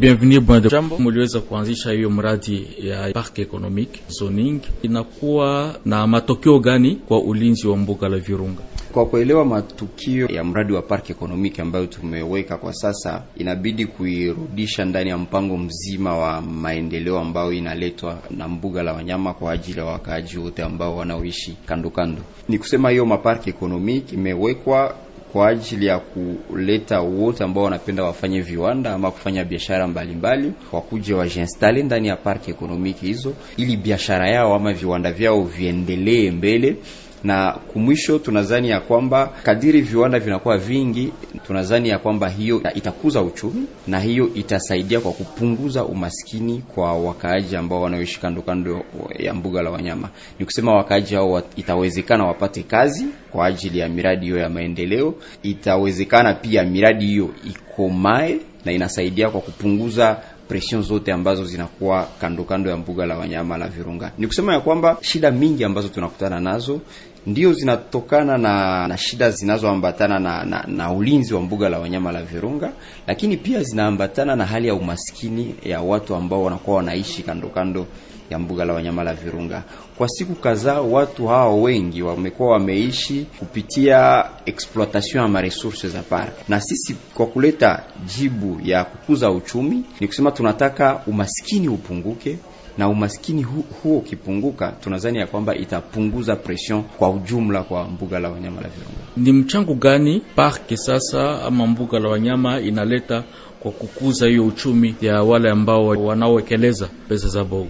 Bienvenue de Jambo, muliweza kuanzisha hiyo mradi ya park economic zoning, inakuwa na matokeo gani kwa ulinzi wa mbuga la Virunga? Kwa kuelewa matukio ya mradi wa park economic ambayo tumeweka kwa sasa, inabidi kuirudisha ndani ya mpango mzima wa maendeleo ambayo inaletwa na mbuga la wanyama kwa ajili ya wakaaji wote ambao wanaoishi kando kando. Ni kusema hiyo mapark economic imewekwa kwa ajili ya kuleta wote ambao wanapenda wafanye viwanda ama kufanya biashara mbalimbali, wakuje wajinstale ndani ya parki ekonomiki hizo, ili biashara yao ama viwanda vyao viendelee mbele na kumwisho, tunazani ya kwamba kadiri viwanda vinakuwa vingi, tunazani ya kwamba hiyo itakuza uchumi na hiyo itasaidia kwa kupunguza umaskini kwa wakaaji ambao wanaoishi kando kando ya mbuga la wanyama. Ni kusema wakaaji hao itawezekana wapate kazi kwa ajili ya miradi hiyo ya maendeleo, itawezekana pia miradi hiyo ikomae na inasaidia kwa kupunguza presion zote ambazo zinakuwa kando kando ya mbuga la wanyama la Virunga. Ni kusema ya kwamba shida mingi ambazo tunakutana nazo ndio zinatokana na, na shida zinazoambatana na, na, na ulinzi wa mbuga la wanyama la Virunga, lakini pia zinaambatana na hali ya umaskini ya watu ambao wanakuwa wanaishi kando kando ya mbuga la wanyama la Virunga. Kwa siku kadhaa, watu hao wengi wamekuwa wameishi kupitia exploitation ya maresources za park, na sisi kwa kuleta jibu ya kukuza uchumi ni kusema tunataka umaskini upunguke na umaskini huo ukipunguka, tunadhani ya kwamba itapunguza pression kwa ujumla kwa mbuga la wanyama la Virunga. Ni mchango gani parki sasa ama mbuga la wanyama inaleta kwa kukuza hiyo uchumi ya wale ambao wanaowekeleza pesa za bogu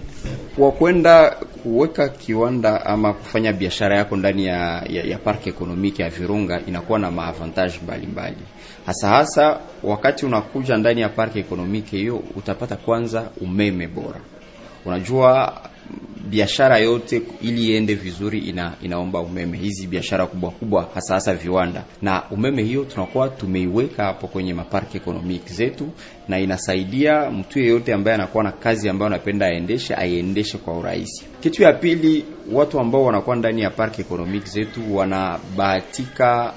kwa kwenda kuweka kiwanda ama kufanya biashara yako ndani ya, ya, ya park ekonomiki ya Virunga inakuwa na maavantage mbalimbali, hasa hasa wakati unakuja ndani ya park ekonomiki hiyo, utapata kwanza umeme bora Unajua biashara yote ili iende vizuri ina, inaomba umeme. Hizi biashara kubwa kubwa hasa hasa viwanda, na umeme hiyo tunakuwa tumeiweka hapo kwenye mapark economic zetu, na inasaidia mtu yeyote ambaye anakuwa na kazi ambayo anapenda aendeshe aiendeshe kwa urahisi. Kitu ya pili, watu ambao wanakuwa ndani ya park economic zetu wanabahatika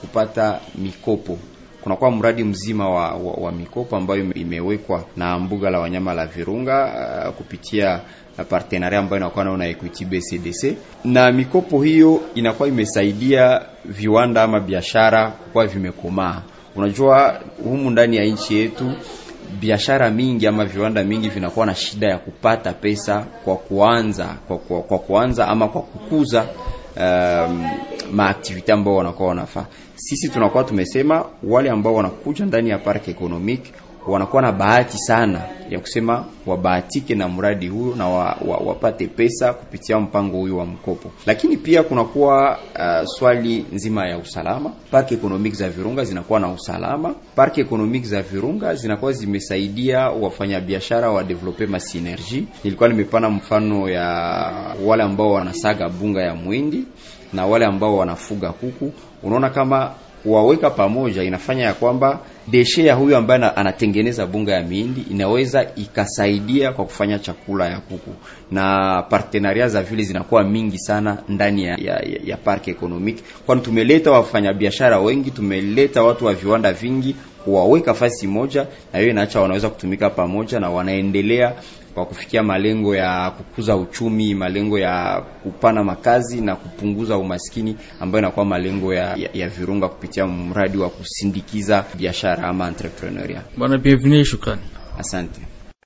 kupata mikopo kunakuwa mradi mzima wa, wa, wa mikopo ambayo imewekwa na mbuga la wanyama la Virunga uh, kupitia uh, partenaria ambayo inakuwa nao na Equity BCDC, na mikopo hiyo inakuwa imesaidia viwanda ama biashara kwa vimekomaa. Unajua, humu ndani ya nchi yetu biashara mingi ama viwanda mingi vinakuwa na shida ya kupata pesa kwa kuanza, kwa, kwa, kwa kuanza ama kwa kukuza um, maaktivite ambao wanakuwa wanafaa. Sisi tunakuwa tumesema wale ambao wanakuja ndani ya park economic wanakuwa na bahati sana ya kusema wabahatike na mradi huyo na wa, wa, wapate pesa kupitia mpango huyo wa mkopo. Lakini pia kunakuwa uh, swali nzima ya usalama. Park economic za Virunga zinakuwa na usalama. Park economic za Virunga zinakuwa zimesaidia wafanyabiashara wa develope ma synergy. Nilikuwa nimepana mfano ya wale ambao wanasaga bunga ya mwindi na wale ambao wanafuga kuku, unaona kama kuwaweka pamoja inafanya ya kwamba deshe ya huyu ambaye anatengeneza bunga ya mihindi inaweza ikasaidia kwa kufanya chakula ya kuku, na partenaria za vile zinakuwa mingi sana ndani ya, ya, ya park economic, kwani tumeleta wafanyabiashara wengi, tumeleta watu wa viwanda vingi kuwaweka fasi moja, na hiyo inaacha wanaweza kutumika pamoja na wanaendelea kwa kufikia malengo ya kukuza uchumi, malengo ya kupana makazi na kupunguza umaskini, ambayo inakuwa malengo ya, ya, ya Virunga kupitia mradi wa kusindikiza biashara ama entrepreneuria. Bwana Bienvenue, shukrani, asante.